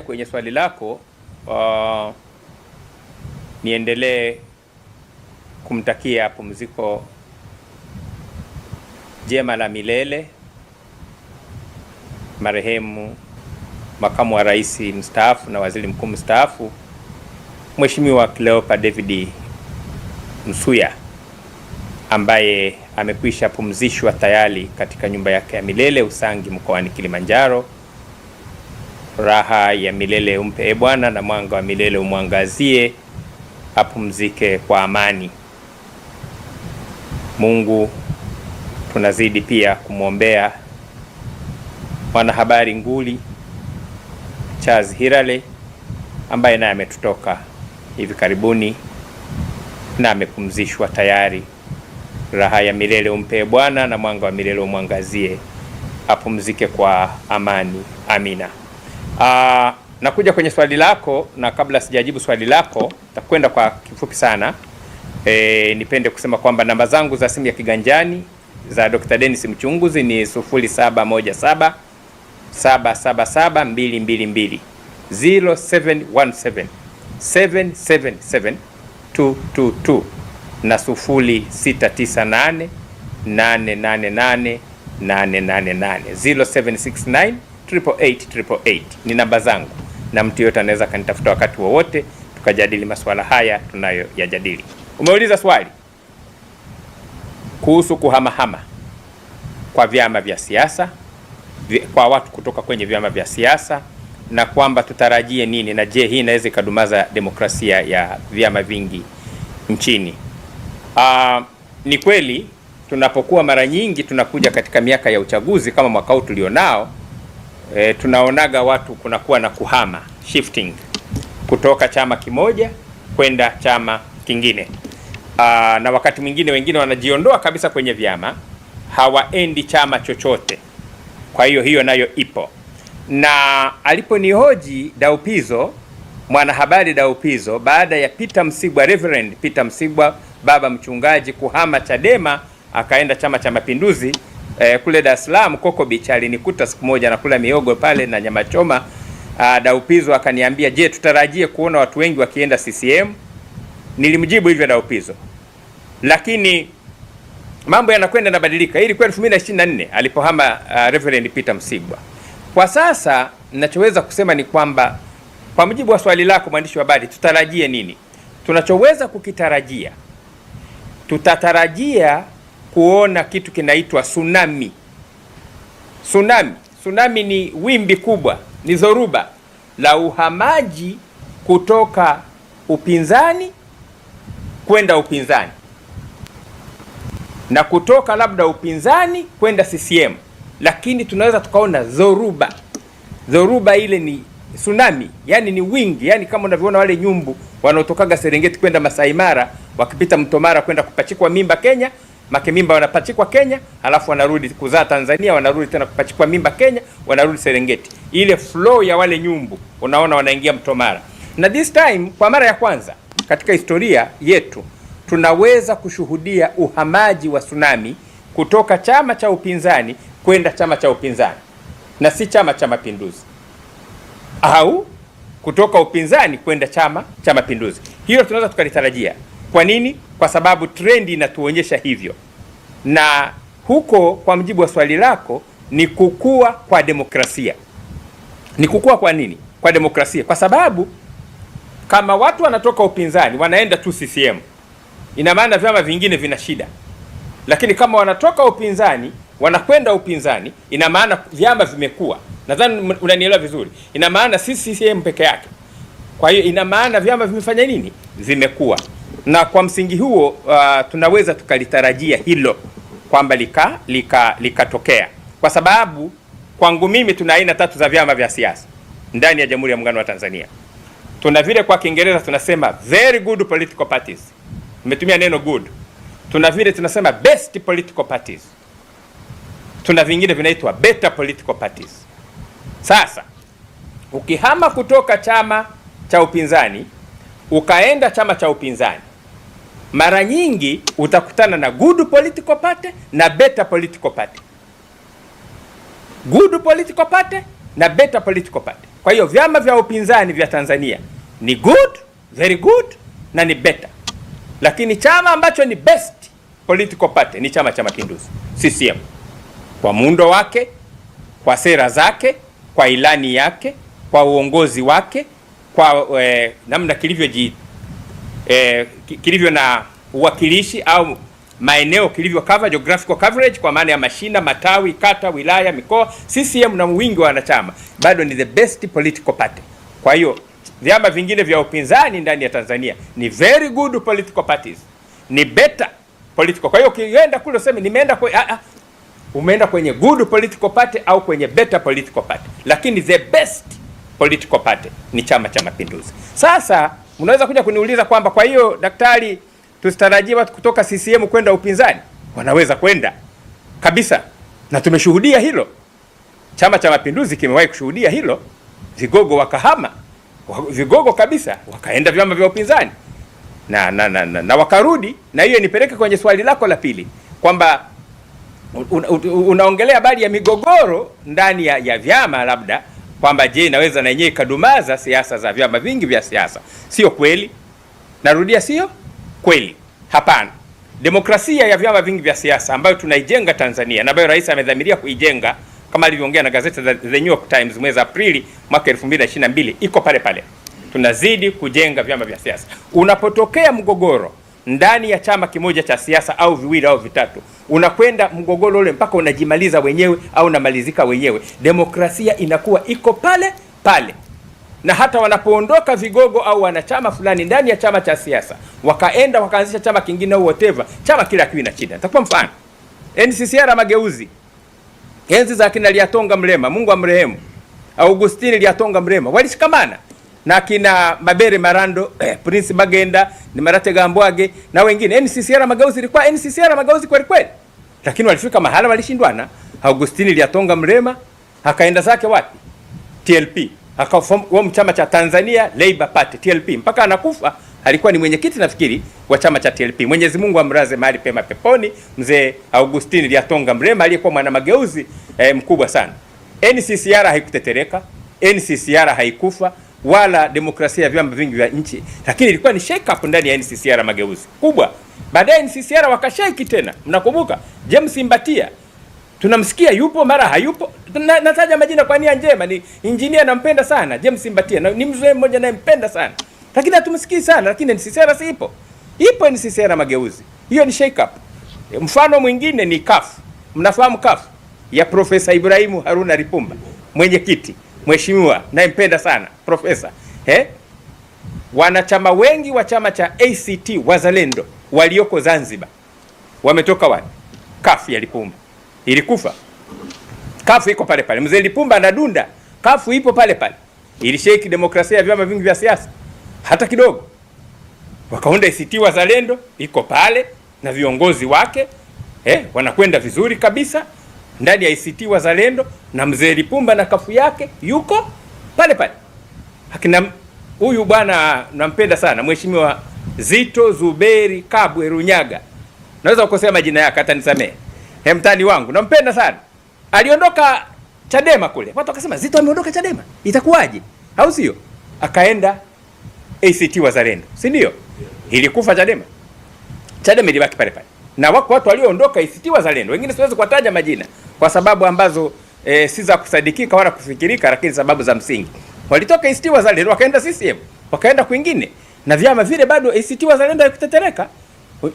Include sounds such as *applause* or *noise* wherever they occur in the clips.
Kwenye swali lako uh, niendelee kumtakia pumziko jema la milele marehemu makamu wa rais mstaafu na waziri mkuu mstaafu Mheshimiwa Cleopa David Msuya ambaye amekwisha pumzishwa tayari katika nyumba yake ya milele Usangi mkoani Kilimanjaro raha ya milele umpe e Bwana, na mwanga wa milele umwangazie, apumzike kwa amani. Mungu tunazidi pia kumwombea mwanahabari nguli Charles Hirale ambaye naye ametutoka hivi karibuni na amepumzishwa tayari. Raha ya milele umpe Bwana, na mwanga wa milele umwangazie, apumzike kwa amani. Amina. Aa, ah, nakuja kwenye swali lako na kabla sijajibu swali lako takwenda kwa kifupi sana. E, nipende kusema kwamba namba zangu za simu ya kiganjani za Dr. Dennis Mchunguzi ni 0717 777 222 0717 777 222 na 0698 888 888 0769 888 ni namba zangu, na mtu yoyote anaweza kanitafuta wakati wowote tukajadili masuala haya tunayoyajadili. Umeuliza swali kuhusu kuhamahama kwa vyama vya siasa kwa watu kutoka kwenye vyama vya siasa na kwamba tutarajie nini, na je, hii inaweza ikadumaza demokrasia ya vyama vingi nchini? Aa, ah, ni kweli tunapokuwa mara nyingi tunakuja katika miaka ya uchaguzi kama mwaka huu tulionao e, tunaonaga watu kunakuwa na kuhama shifting kutoka chama kimoja kwenda chama kingine. Aa, na wakati mwingine wengine wanajiondoa kabisa kwenye vyama, hawaendi chama chochote. Kwa hiyo hiyo nayo ipo, na aliponihoji Daupizo, mwanahabari Daupizo, baada ya Peter Msigwa, Reverend Peter Msigwa, baba mchungaji, kuhama Chadema akaenda Chama cha Mapinduzi eh, kule Dar es Salaam Coco Beach alinikuta siku moja na kula miogo pale na nyama choma. Ah, Daupizo akaniambia, je, tutarajie kuona watu wengi wakienda CCM? Nilimjibu hivyo Daupizo, lakini mambo yanakwenda yanabadilika. Ili kwa 2024 alipohama uh, Reverend Peter Msigwa. Kwa sasa ninachoweza kusema ni kwamba kwa mujibu wa swali lako mwandishi wa habari, tutarajie nini? Tunachoweza kukitarajia, tutatarajia kuona kitu kinaitwa tsunami. Tsunami, tsunami ni wimbi kubwa, ni dhoruba la uhamaji kutoka upinzani kwenda upinzani na kutoka labda upinzani kwenda CCM, lakini tunaweza tukaona dhoruba. Dhoruba ile ni tsunami, yani ni wingi, yani kama unavyoona wale nyumbu wanaotokaga Serengeti kwenda Masai Mara wakipita Mto Mara kwenda kupachikwa mimba Kenya Makimimba wanapachikwa Kenya, halafu wanarudi kuzaa Tanzania, wanarudi tena kupachikwa mimba Kenya, wanarudi Serengeti. Ile flow ya wale nyumbu, unaona wanaingia Mtomara. Na this time kwa mara ya kwanza katika historia yetu tunaweza kushuhudia uhamaji wa tsunami kutoka chama cha upinzani kwenda chama cha upinzani na si Chama cha Mapinduzi, au kutoka upinzani kwenda Chama cha Mapinduzi. Hilo tunaweza tukalitarajia. Kwa nini? Kwa sababu trendi inatuonyesha hivyo na huko, kwa mjibu wa swali lako, ni kukua kwa demokrasia. Ni kukua kwa nini? Kwa demokrasia, kwa sababu kama watu wanatoka upinzani wanaenda tu CCM, ina maana vyama vingine vina shida, lakini kama wanatoka upinzani wanakwenda upinzani, ina maana vyama vimekuwa. Nadhani unanielewa vizuri. Ina maana si CCM peke yake. Kwa hiyo ina maana vyama vimefanya nini? Vimekuwa, na kwa msingi huo uh, tunaweza tukalitarajia hilo kwamba likatokea lika, lika kwa sababu kwangu mimi tuna aina tatu za vyama vya siasa ndani ya Jamhuri ya Muungano wa Tanzania. Tuna vile kwa Kiingereza tunasema very good political parties, nimetumia neno good. Tuna vile tunasema best political parties, tuna vingine vinaitwa better political parties. Sasa ukihama kutoka chama cha upinzani ukaenda chama cha upinzani mara nyingi utakutana na good political party na better political party, good political party na better political party. Kwa hiyo vyama vya upinzani vya Tanzania ni good, very good na ni better, lakini chama ambacho ni best political party ni Chama cha Mapinduzi, CCM, kwa muundo wake, kwa sera zake, kwa ilani yake, kwa uongozi wake, kwa eh, namna kilivyoji eh, kilivyo na uwakilishi au maeneo kilivyo cover, geographical coverage kwa maana ya mashina, matawi, kata, wilaya, mikoa. CCM na wingi wa wanachama bado ni the best political party. Kwa hiyo vyama vingine vya upinzani ndani ya Tanzania ni very good political parties, ni better political. Kwa hiyo ukienda kule useme nimeenda kwa a, ah, a, ah, umeenda kwenye good political party au kwenye better political party, lakini the best political party ni Chama cha Mapinduzi. Sasa Unaweza kuja kuniuliza kwamba kwa hiyo daktari, tusitarajie watu kutoka CCM kwenda upinzani? Wanaweza kwenda kabisa, na tumeshuhudia hilo. Chama cha Mapinduzi kimewahi kushuhudia hilo, vigogo wakahama, vigogo kabisa wakaenda vyama vya upinzani na, na, na, na, na wakarudi. Na hiyo nipeleke kwenye swali lako la pili kwamba unaongelea habari ya migogoro ndani ya, ya vyama labda kwamba je, inaweza na yenyewe ikadumaza siasa za vyama vingi vya siasa? Sio kweli. Narudia, sio kweli, hapana. Demokrasia ya vyama vingi vya siasa ambayo tunaijenga Tanzania na ambayo rais amedhamiria kuijenga kama alivyoongea na gazeti la The New York Times mwezi Aprili mwaka 2022 iko pale pale. Tunazidi kujenga vyama vya siasa. Unapotokea mgogoro ndani ya chama kimoja cha siasa au viwili au vitatu, unakwenda mgogoro ule mpaka unajimaliza wenyewe au unamalizika wenyewe. Demokrasia inakuwa iko pale pale, na hata wanapoondoka vigogo au wanachama fulani ndani ya chama cha siasa wakaenda wakaanzisha chama kingine au whatever, chama kila kiwi na shida. Nitakupa mfano NCCR Mageuzi, enzi za kina Lyatonga Mrema, Mungu amrehemu, Augustini Lyatonga Mrema, walishikamana na kina Mabere Marando eh, *clears throat* Prince Magenda ni Marate Gambwage na wengine. NCCR Magauzi ilikuwa NCCR Magauzi kweli kweli, lakini walifika mahala walishindwana. Augustini Lyatonga Mrema akaenda zake wapi? TLP akafomu chama cha Tanzania Labour Party TLP, mpaka anakufa alikuwa ni mwenyekiti nafikiri wa chama cha TLP. Mwenyezi Mungu amraze mahali pema peponi mzee Augustini Lyatonga Mrema aliyekuwa mwana mageuzi eh, mkubwa sana. NCCR haikutetereka, NCCR haikufa wala demokrasia ya vyama vingi vya nchi, lakini ilikuwa ni shake up ndani ya NCCR Mageuzi kubwa. Baadaye NCCR wakashake tena, mnakumbuka James Mbatia tunamsikia yupo mara hayupo. Na, nataja majina kwa nia njema, ni injinia nampenda sana James Mbatia na, ni mzee mmoja nayempenda sana lakini hatumsikii sana, lakini NCCR si ipo, ipo NCCR Mageuzi. Hiyo ni shake up. Mfano mwingine ni CUF. Mnafahamu CUF ya Profesa Ibrahimu Haruna Lipumba mwenyekiti mheshimiwa nayempenda sana profesa eh? Wanachama wengi wa chama cha ACT Wazalendo walioko Zanzibar wametoka wapi? Kafu ya Lipumba ilikufa, kafu iko pale pale, mzee Lipumba anadunda, kafu ipo pale pale, ilisheki demokrasia ya vyama vingi vya siasa hata kidogo, wakaunda ACT Wazalendo iko pale na viongozi wake eh, wanakwenda vizuri kabisa ndani ya ACT Wazalendo na mzee Lipumba na kafu yake yuko pale pale. Akina huyu bwana nampenda sana, mheshimiwa Zito Zuberi Kabwe Runyaga, naweza kukosea majina yake, hata nisamehe, hemtani wangu, nampenda sana. Aliondoka Chadema kule, watu wakasema Zito ameondoka Chadema, itakuwaje? Au sio? Akaenda ACT Wazalendo, si ndio? Ilikufa Chadema, Chadema ilibaki pale pale na wako watu walioondoka ACT Wazalendo, wengine siwezi kuwataja majina kwa sababu ambazo e, si za kusadikika wala kufikirika, lakini sababu za msingi. Walitoka ACT Wazalendo wakaenda CCM, wakaenda kwingine, na vyama vile bado ACT Wazalendo haikutetereka.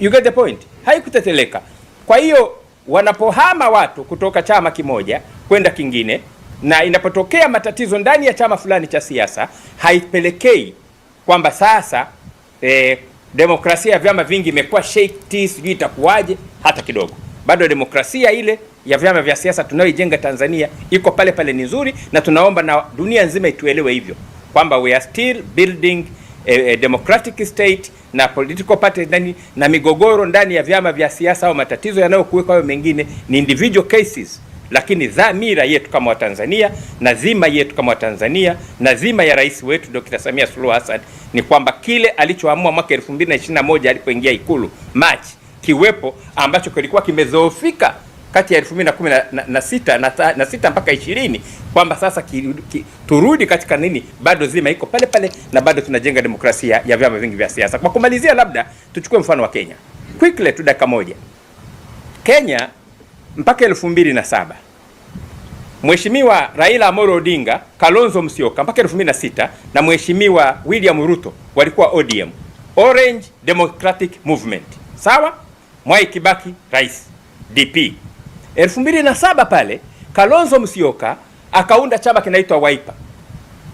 You get the point, haikuteteleka. Kwa hiyo wanapohama watu kutoka chama kimoja kwenda kingine, na inapotokea matatizo ndani ya chama fulani cha siasa, haipelekei kwamba sasa e, demokrasia ya vyama vingi imekuwa shaky, sijui itakuwaje. Hata kidogo, bado demokrasia ile ya vyama vya siasa tunayoijenga Tanzania iko pale pale, ni nzuri, na tunaomba na dunia nzima ituelewe hivyo kwamba we are still building a, a democratic state na political parties ndani na migogoro ndani ya vyama vya siasa au matatizo yanayokuwekwa hayo mengine ni individual cases lakini dhamira yetu kama Watanzania na dhima yetu kama Watanzania na dhima ya rais wetu Dr. Samia Suluhu Hassan ni kwamba kile alichoamua mwaka 2021 alipoingia Ikulu Machi kiwepo, ambacho kilikuwa kimezoofika kati ya 2016 na, na sita mpaka 20 kwamba sasa ki, ki, turudi katika nini, bado zima iko pale pale na bado tunajenga demokrasia ya vyama vingi vya siasa. Kwa kumalizia, labda tuchukue mfano wa Kenya quickly tu dakika moja. Kenya mpaka elfu mbili na saba Mheshimiwa Raila Amolo Odinga, Kalonzo Musyoka mpaka elfu mbili na sita na Mheshimiwa William Ruto walikuwa ODM, Orange Democratic Movement. Sawa? Mwai Kibaki rais DP. elfu mbili na saba pale Kalonzo Musyoka akaunda chama kinaitwa Waipa,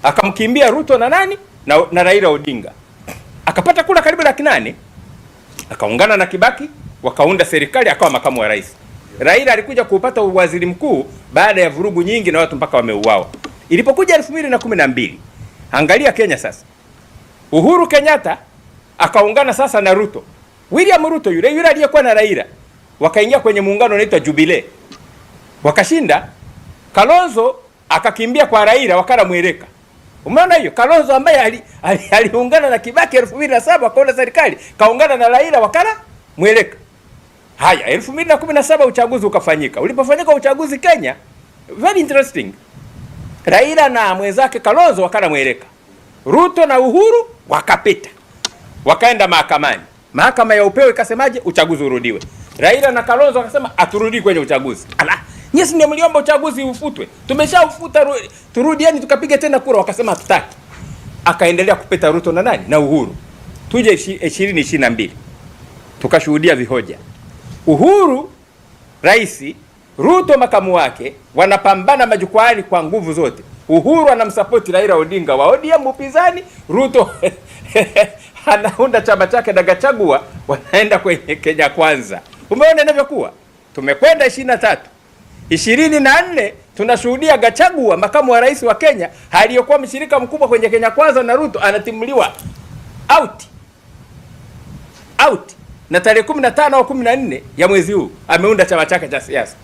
Akamkimbia Ruto na nani? Na, na Raila Odinga. Akapata kura karibu laki nane. Akaungana na Kibaki wakaunda serikali akawa makamu wa rais. Raila alikuja kupata uwaziri mkuu baada ya vurugu nyingi na watu mpaka wameuawa. Ilipokuja elfu mbili na kumi na mbili, angalia Kenya sasa. Uhuru Kenyatta akaungana sasa na Ruto, William Ruto yule yule aliyekuwa na Raila, wakaingia kwenye muungano unaitwa Jubile wakashinda. Kalonzo akakimbia kwa Raila, wakala mweleka. Umeona hiyo? Kalonzo ambaye aliungana ali, ali na Kibaki elfu mbili na saba akaona serikali, kaungana na Raila wakala mweleka. Haya, 2017 uchaguzi ukafanyika. Ulipofanyika uchaguzi Kenya, very interesting, Raila na mwenzake Kalonzo wakana mweleka, Ruto na Uhuru wakapita, wakaenda mahakamani. Mahakama ya upeo ikasemaje? Uchaguzi urudiwe. Raila na Kalonzo wakasema aturudi kwenye uchaguzi. Ala, nyinyi ndio mliomba uchaguzi ufutwe, tumeshaufuta, turudieni tukapige tena kura. Wakasema hatutaki. Akaendelea kupita Ruto na nani na Uhuru. Tuje 2022 tukashuhudia vihoja Uhuru rais, Ruto makamu wake wanapambana majukwaani kwa nguvu zote. Uhuru anamsapoti Raila Odinga wa ODM upinzani, Ruto *laughs* anaunda chama chake na Gachagua wanaenda kwenye Kenya Kwanza. Umeona inavyokuwa, tumekwenda ishirini na tatu ishirini na nne tunashuhudia Gachagua makamu wa rais wa Kenya aliyokuwa mshirika mkubwa kwenye Kenya Kwanza na Ruto anatimuliwa out out na tarehe 15 au 14 ya mwezi huu ameunda chama chake cha siasa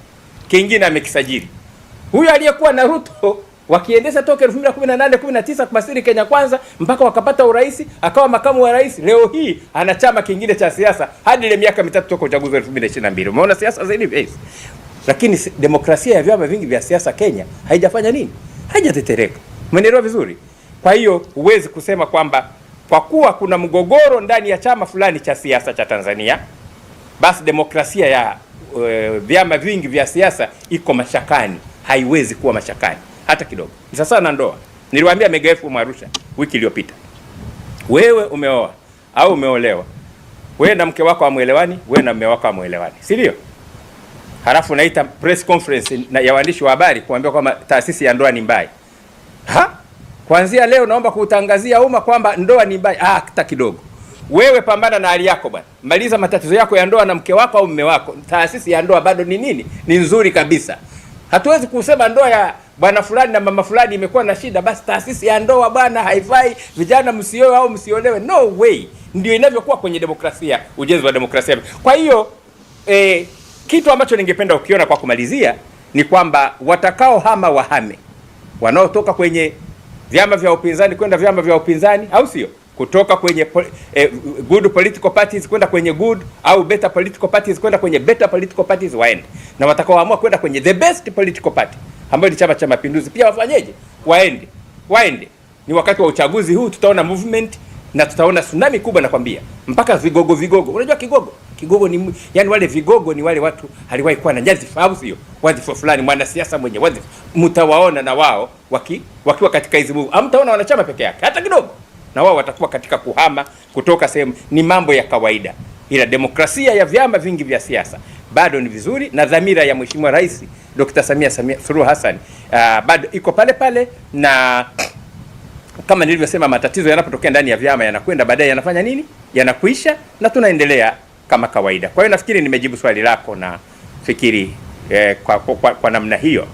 kingine amekisajili. Huyo aliyekuwa na Ruto wakiendesha toka 2018 19 kumasiri Kenya kwanza mpaka wakapata urais akawa makamu wa rais, leo hii ana chama kingine cha siasa hadi ile miaka mitatu toka uchaguzi wa 2022. Umeona siasa zilivyo hizi, lakini demokrasia ya vyama vingi vya siasa Kenya haijafanya nini, haijatetereka. Umeelewa vizuri? Kwa hiyo huwezi kusema kwamba kwa kuwa kuna mgogoro ndani ya chama fulani cha siasa cha Tanzania, basi demokrasia ya eh, vyama uh, vingi vya siasa iko mashakani, haiwezi kuwa mashakani hata kidogo. Ni sasa na ndoa, niliwaambia Megaefu Mwarusha wiki iliyopita, wewe umeoa au umeolewa, wewe na mke wako hamwelewani, wewe na mume wako hamwelewani, si ndio? Halafu naita press conference ya waandishi wa habari kuambia kwamba taasisi ya ndoa ni mbaya ha? Kuanzia leo naomba kuutangazia umma kwamba ndoa ni mbaya. Ah, hata kidogo. Wewe pambana na hali yako bwana, maliza matatizo yako ya ndoa na mke wako au mume wako. Taasisi ya ndoa bado ni nini? Ni nzuri kabisa. Hatuwezi kusema ndoa ya bwana fulani na mama fulani imekuwa na shida, basi taasisi ya ndoa bwana haifai, vijana msioe au msiolewe. No way, ndio inavyokuwa kwenye demokrasia, ujenzi wa demokrasia. Kwa hiyo eh, kitu ambacho ningependa ukiona kwa kumalizia ni kwamba watakaohama wahame, wanaotoka kwenye vyama vya upinzani kwenda vyama vya upinzani, au sio? Kutoka kwenye eh, good political parties kwenda kwenye good au better political parties kwenda kwenye better political parties, waende na watakaoamua kwenda kwenye the best political party ambayo ni Chama cha Mapinduzi, pia wafanyeje? Waende, waende. Ni wakati wa uchaguzi huu, tutaona movement na tutaona tsunami kubwa, nakwambia, mpaka vigogo vigogo. Unajua kigogo kigogo ni yani, wale vigogo ni wale watu haliwahi kuwa na nyadhifa, au sio? Wadhifa fulani, mwanasiasa mwenye wadhifa, mtawaona na wao waki, wakiwa katika hizo move. Hamtaona wanachama peke yake hata kidogo, na wao watakuwa katika kuhama kutoka sehemu. Ni mambo ya kawaida, ila demokrasia ya vyama vingi vya siasa bado ni vizuri, na dhamira ya Mheshimiwa Rais Dr. Samia Samia Suluhu Hassan uh, bado iko pale pale na kama nilivyosema, matatizo yanapotokea ndani ya vyama yanakwenda baadaye yanafanya nini? Yanakuisha na tunaendelea kama kawaida. Kwa hiyo nafikiri nimejibu swali lako na fikiri eh, kwa, kwa, kwa, kwa namna hiyo.